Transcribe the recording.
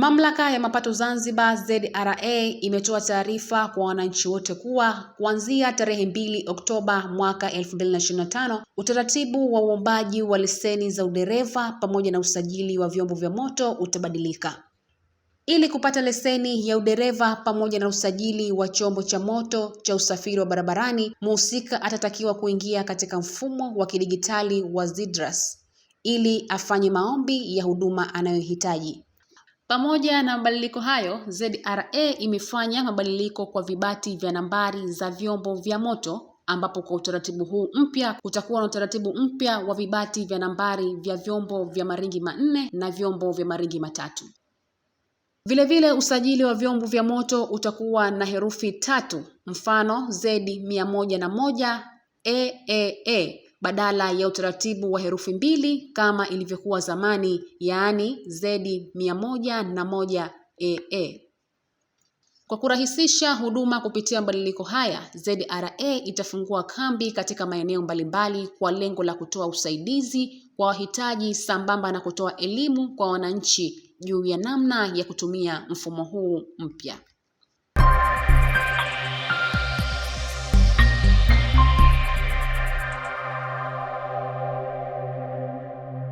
Mamlaka ya Mapato Zanzibar ZRA imetoa taarifa kwa wananchi wote kuwa kuanzia tarehe mbili Oktoba mwaka 2025 utaratibu wa uombaji wa leseni za udereva pamoja na usajili wa vyombo vya moto utabadilika. Ili kupata leseni ya udereva pamoja na usajili wa chombo cha moto cha usafiri wa barabarani, mhusika atatakiwa kuingia katika mfumo wa kidigitali wa ZIDRAS ili afanye maombi ya huduma anayohitaji. Pamoja na mabadiliko hayo, ZRA imefanya mabadiliko kwa vibati vya nambari za vyombo vya moto ambapo kwa utaratibu huu mpya kutakuwa na utaratibu mpya wa vibati vya nambari vya vyombo vya maringi manne na vyombo vya maringi matatu. Vilevile vile usajili wa vyombo vya moto utakuwa na herufi tatu, mfano Z 101 AAA badala ya utaratibu wa herufi mbili kama ilivyokuwa zamani, yaani z mia na moja aa. Kwa kurahisisha huduma kupitia mabadiliko haya, ZRA itafungua kambi katika maeneo mbalimbali kwa lengo la kutoa usaidizi kwa wahitaji sambamba na kutoa elimu kwa wananchi juu ya namna ya kutumia mfumo huu mpya.